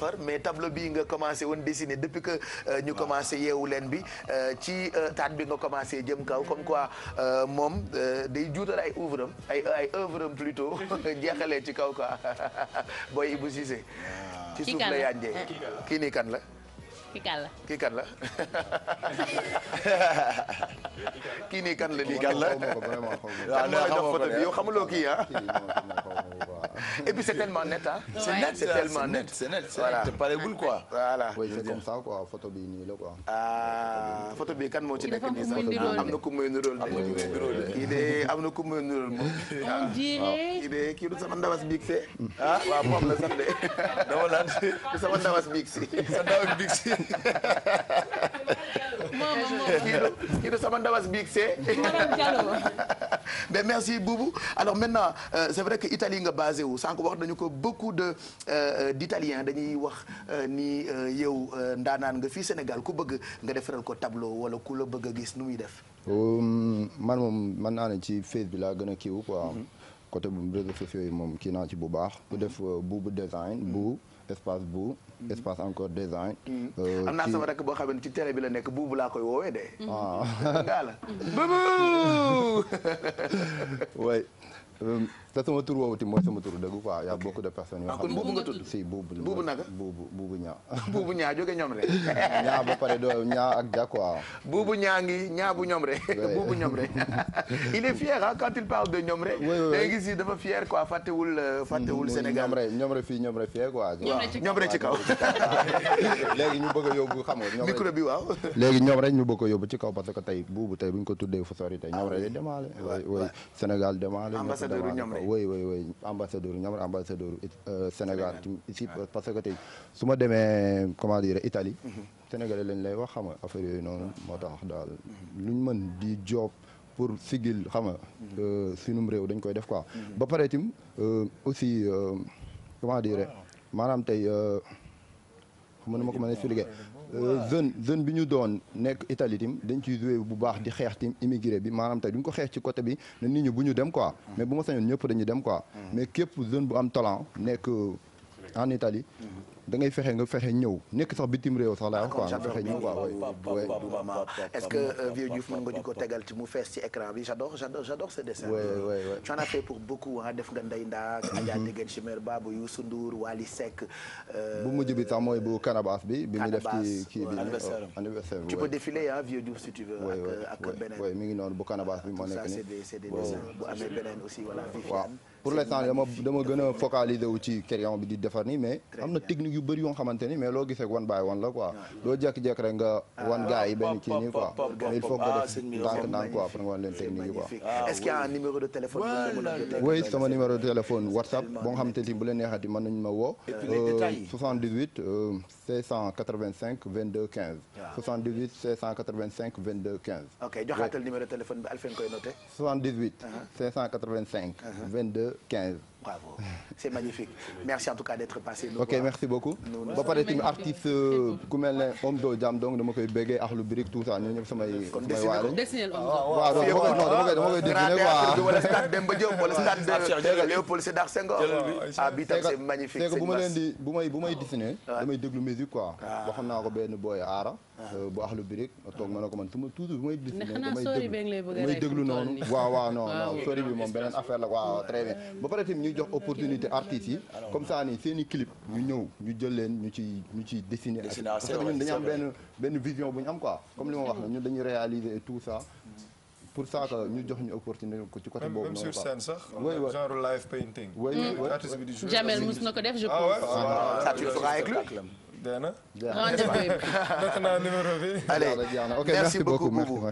far mais tableau bi nga commencé woon dessiner depuis que euh, ñu commencé yeewu leen bi euh, ci euh, taat bi nga commencé jëm kaw comme quoi moom day juutal ay oeuvre am ay ay oeuvre am plutôt jeexalee ci kaw quoi booy Ibou Cissé ci suuf la yànjee kii nii kan la kii kan la kii kan la kii nii kan la nii kan la kan mooy def photo bi yow xamuloo kii ah et puis c'est tellement net ah. c'est net c'est tellement net c'est net c'est net te pareegul quoi. voilà oui c'est comme ça quoi photo bi nii la quoi. ah photo bi kan moo ci nekk nii sax am na ku muy niróol de. am na ku muy niróol de kii de am na ku muy niróol moom. on dirait kii ah. de kii du sama ndawas biig see. Mm. ah waaw moom la sax de. dama laal du sama ndawas biig si. sa ndawas biig si. kii du sama ndawas biig see mais merci Boubou alors maintenant euh, c'est vrai que Italie nga basé wu sànq wax dañu ko beaucoup de euh, dañuy wax euh, ni euh, yow euh, ndaanaan nga fii Sénégal ku bëgg nga defaral ko tableau wala ku la bëgg a gis nu muy def man moom man naa ci face bi laa gën a kiiw quoi mm-hmm. côté bu réseaux sociaux yi moom kii naa ci bu baax ku def buubu euh, design mm. bu espace bu mm. espace encore design mm. euh, am na sama rakk boo xam ne ci tele bi la nekk buubu laa koy woowee de ah ngaa la buubu euh, te sama tur woowu tamit mooy sama turu dëgg quoi y a beaucoup de personnes yoo ah, xam ne buubu nga tudd si buubu buubu buubu buubu ñaa buubu ñaa jóge ñoom rek ñaa ba pare doo ñaa ak ja quoi buubu ñaa ngi ñaa bu ñoom rek buubu ñoom rek il est fier ah quand il de ñoom rek day gis yi dafa fier euh, mm-hmm. ñoom rek fii ñoom rek fier quoi ci kaw léegi ñu bëgg a yóbbu xam nga micro bi waaw léegi ñoom rek ñu bëgg a yóbbu ci parce que tey buubu bu ñu ko tuddee fu sori tey ñoom rek ah démale way Sénégal démale Guinée oui oui oui ambassadeur ñamar ambassadeur euh, Sénégal ici parce que tey suma ma demee comment dire Italie mhm. Sénégalais lañ lay wax xama nga yooyu noonu moo tax daal mhm. luñ mën di job pour sigil xam nga mhm. euh, sunum réew dañ koy def quoi ba pare itam euh, aussi comment dire maanaam tey mënu ma ko mën a jeune jeune bi ñu doon nekk Italie tim dañ ciy joué bu baax di xeex tim immigré bi maanaam tey duñ ko xeex ci côté bi na nit ñi bu ñu dem quoi mm. mais bu ma sañoon ñëpp dañuy dem quoi mm. mais képp jeune bu am talent nekk euh, en Italie mm. da ngay fexe nga fexe ñëw nekk sax bitim réew sax laa wax nga fexe ñëw quoi Boubama est-ce que euh, nga ñu ko tegal ci mu fees ci écran bi j'adore j'adore j'adore ce pour beaucoup ah def nga Ndeye Nda mhm. Adja Degen Ba bu Youssou Ndour Wally euh, bu mujj bi sax mooy bu Canabaas bi bi ci bi anniversaire tu peux défiler ah Vieux Diouf si tu veux ak ak mi ngi noonu bu Canabaas bi moo nekk nii c'est des dessins bu amee beneen aussi voilà Viviane pour l'instant dama ci crayon bi di defar nii mais am na technique yu bëri yoo xamante ni mais loo gisee wan baay wan la quoi doo ah, jékki-jékki rek nga ah, wan gars yi benn kii nii quoi il faut nga def ah, ndànk ndànk quoi pour nga wan leen technique yi quoi est-ce qu'il y a un numéro de téléphone oui sama numéro de téléphone whatsapp boo nga xamante ni bu leen neexati mën nañu ma woo 78 685 22 15 78 685 22 15 ok joxaatal numéro de téléphone bi Alfayda koy noté 78 685 bravo c'est magnifique merci en tout cas d'être passé. ok ba pare tamit artiste euh, ku mel dama koy béggee ak lu birik tout ko de Léopold Sédar Senghor. ah bii tam c'est magnifique. c'est bu leen di bu may bu may dessiné. damay déglu musique quoi. Ah. waxoon naa ko benn booy aara. Euh, bu axlu birik ma toog ma ne ko man tuma toujours bi may déglu may déglu noonu waaw waaw non non bi moom beneen affaire la waaw très bien ba pare tamit ñuy jox opportunité artistes yi comme ça nii seen clip ñu ñëw ñu jël leen ñu ci ñu ciy dessiner parce que ñun dañu am benn benn vision bu ñu am quoi comme li ma wax la ñun dañuy réaliser et tout ça pour ça que ñu jox ñu opportunité ko ci côté boobu même sur scène sax genre live painting artiste bi di jouer Jamel mos na ko def je ah pense ah, ça tu le feras avec lui ah, dee na. rendez-vous bi. def naa numéro bi. allez merci beaucoup Boubou